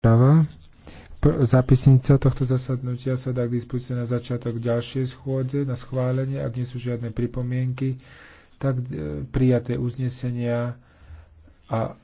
Prava. Zapisnica tohto zasadnutia sa dá k dispozícii na začiatok ďalšej schôdze, na schválenie, ak nie sú žiadne pripomienky, tak e, prijaté uznesenia a